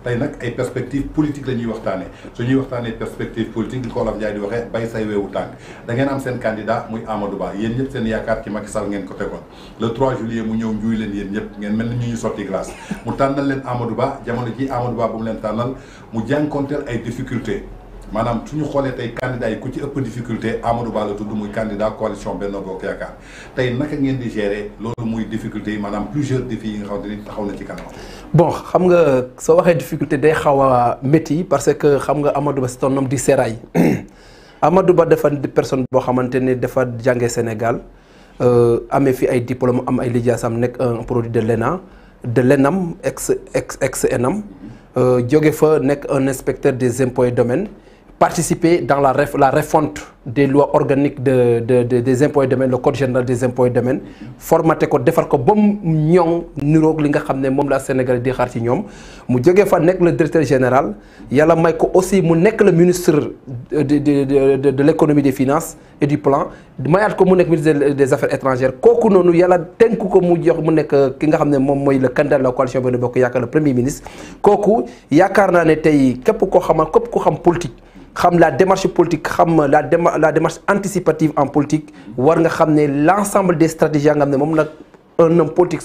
tey nak ay perspectives politiques lañuy waxtané suñuy waxtané ñuy waxtaanee perspectives politiques ko Wolof Njaay di waxé bay say wéwu tank da ngeen am seen candidat muy Amadou Ba yeen ñëpp seen yaakaar ci Macky Sall ngeen ko tegoon le 3 juillet mu ñew njuuy leen yeen ñëpp ngeen melni ñuy sorti ñu glace mu tanal leen Amadou Ba jamono ji Amadou Ba bu mu leen tanal mu jànkonteel ay difficultés manam suñu xolé tay candidat yi ku ci ëpp difficulté Amadou Ba la tudd muy candidat coalition Benno Bokk Yaakaar tey naka ngeen di gérer loolu muy difficulté manam plusieurs défis yi nga xamante taxaw na ci kanam. bon xam nga so waxé difficulté day xawa a parce que xam nga Amadou Ba c'est un homme du sérail Amadou Ba dafa di personne bo xamante ne dafa jàngee Sénégal euh, amé fi ay diplôme am ay lijaasam nek un produit de l'ENA de l'ENAM ex ex ex ENAM euh jóge fa nek un inspecteur des impôts et domaines participer dans la, ref, la refonte des lois organiques de, de, de, des impôts et domaines le code général des impôts et domaines formaté ko défar ko bom ñong ñoŋ li nga xamné mom la Sénégal di xar ci ñom mu jógee fa nek le directeur général yalla may ko aussi mu nek le ministre de de de de l'économie des finances et du plan mayat ko mu nek ministre des affaires étrangères koku nonu yalla tenku ko mu jox mu nek ki nga xamné mom moy le candidat de la coalition Benno Bokk Yaakaar le premier ministre koku yaakaar naa ne tey képp ko xamal képp ko xam politique la démarche politique la démarche anticipative en politique war nga l'ensemble des stratégies nga un homme politique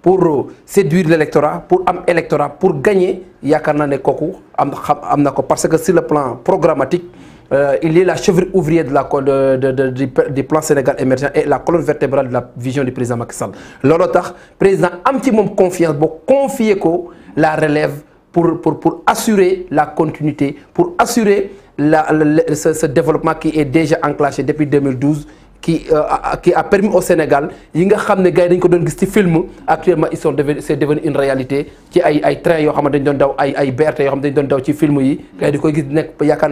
pour euh, séduire l'électorat, pour am électorat pour gagner il y a am amna ko parce que sur le plan programmatique euh, il est la chevre ouvrière de la de du plan Sénégal émergent et la colonne vertébrale de la vision du président Macky Sall looloo tax président am ci confiance pour confier la relève pour, pour, pour assurer la continuité, pour assurer la, ce, développement qui est déjà enclenché depuis 2012, qui, euh, a, qui a permis au Sénégal, ils film, actuellement ils sont devenus, c'est devenu une réalité, qui a des trains, des BRT, des films,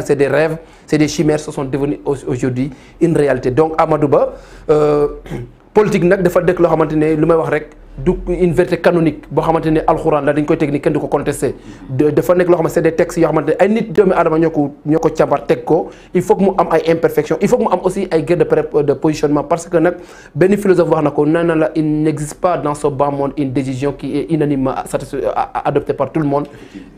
c'est des rêves, c'est des chimères, ce sont devenus aujourd'hui une réalité. Donc Amadouba, euh, politique nak dafa dëkk que le ne lu wax du une vérité canonique bo xamante alcorane la dañ koy tek ni kenn duko contester contesté dafa nek lo xam c'est des textes yo xamante ay nit doomi aadama ñoo ko ñoo ko càmbar ko il faut que mu am ay imperfections il faut que mu am aussi ay guerre de de positionnement parce que nak ben philosophe wax nako ko la il n'existe pas dans ce bas monde une décision qui est unanimement adoptée par tout le monde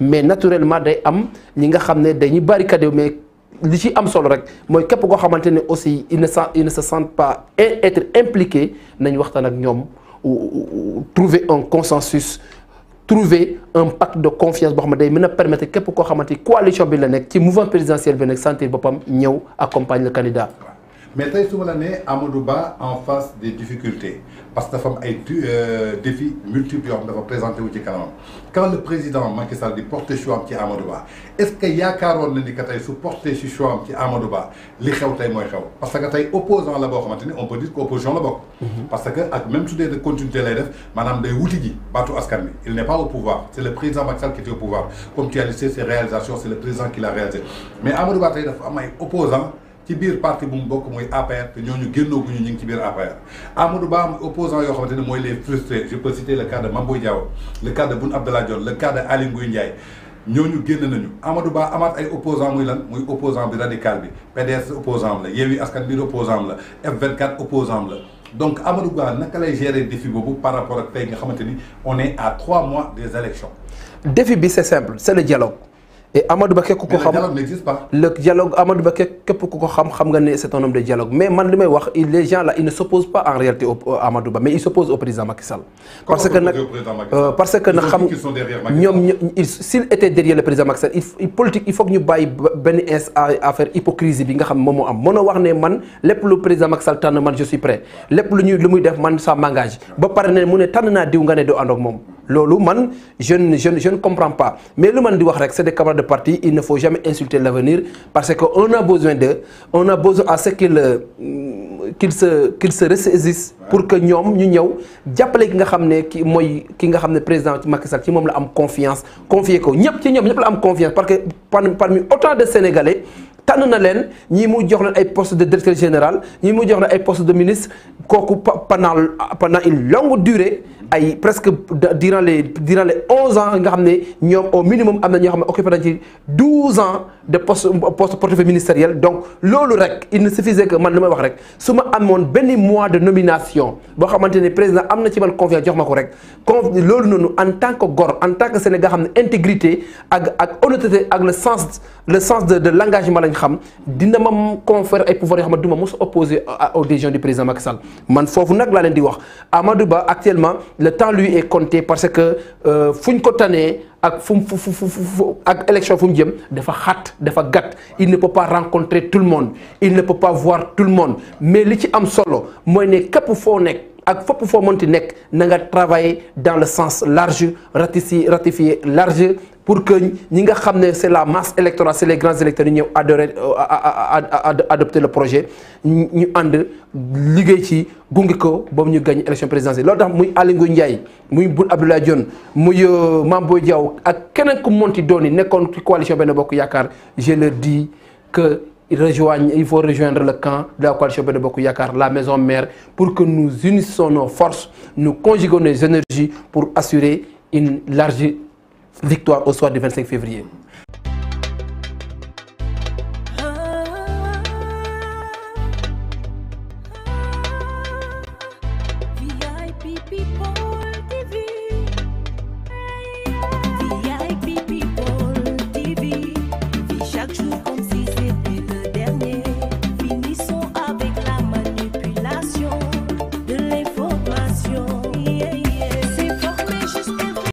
mais naturellement day am ñi nga xamne ne dañuy barricadé mais li ci am solo rek moy kep koo xamante aussi il ne se ne se sent pas être impliqué nañ waxtaan ak ñom ou trouver un consensus trouver un pacte de confiance pour xam ne permettre képp coalition mouvement présidentiel bi santé accompagne le candidat mais tey su Amadou Ba en face des difficultés parce que la a eu des défis multiples yoo va présenter au quand le président Macky Sall di porter choix am ci Amadou Ba est-ce qu'il y a Karon qui tey su porté ce choix am ci Amadou Ba li xew qu'il y parce que opposant la bas on peut dire est opposant la bas mhm. parce que même sous tu de continuité Madame def madame day wuti il n'est pas au pouvoir c'est le président Macky Sall qui est au pouvoir comme tu as laissé ses réalisations c'est le président qui l'a réalisé mais Amadou Ba il y a ci parti bu mu bokk muy APR te nous génnooguñu ñu nous ci à APR Amadou Ba opposant il est frustré. les frustrés je peux citer le cas de Mamboy Diaw le cas de Boun Abdallah le cas de Ali Ngouille Ndiaye Nous génn nañu Amadou Ba amaat ay opposant muy lan est opposant bi radical bi PDS opposant le la Askan bi opposant le F24 opposant la donc Amadou Ba naka lay gérer défi par rapport ak tey nga xamante on est à trois mois des élections défi bi c'est simple c'est le dialogue et le dialogue c'est un homme de dialogue mais les gens ne s'opposent pas en réalité au euh, Amadou mais ils s'opposent au président Macky euh, parce que parce s'il derrière le président Macky il faut que nous affaire hypocrisie président je suis prêt man je ne je ne comprends pas mais le man di c'est des camarades de parti il ne faut jamais insulter l'avenir parce qu'on a besoin d'eux on a besoin à ce qu'ils euh, se qu'ils se ressaisissent pour que nous nous ñëw Nous ki nga ki président Macky Sall confiance confier ko nous ci confiance parce que parmi autant de Sénégalais tant na nous ñii mu poste de directeur général nous mu jox poste de ministre pendant une longue durée ay presque durant les durant les onze ans nga xamné ñom au minimum amna na xamné xam occupé nañ ci douze ans de poste poste portefeuille ministériel donc lolu rek il ne suffisait que man li wax rek suma amone benn mois de nomination bo xamantene président amna ci man confiance jox mako rek lolu nonu en tant que gor en tant que Sénégal xamné intégrité ak ak honnêteté ak le sens le sens de de l'engagement lañ xam dina ma conférer ay pouvoir yoo xam duma du ma mos opposé aux décisions du président Macky Sall man fofu nak la len di wax Amadou Ba actuellement le temps lui est compté parce que euh, fu ñu ko tané ak fu élection il ne peut pas rencontrer tout le monde il ne peut pas voir tout le monde mais li ci am solo moy que képp fo nek ak fop fo travailler dans le sens large ratifier ratifier large pour que nous nga xamné c'est la masse électorale c'est les grands électeurs qui ont euh, adopter le projet nous avons liggéey ci ko gagné élection présidentielle lo tax muy Aly Ndiaye muy Boun Abdoulaye muy euh, ak ku monti coalition de Bokk je leur dis que il faut rejoindre le camp de la coalition de Bokk la maison mère pour que nous unissons nos forces nous conjuguons nos énergies pour assurer une large victoire au soir du 25 février.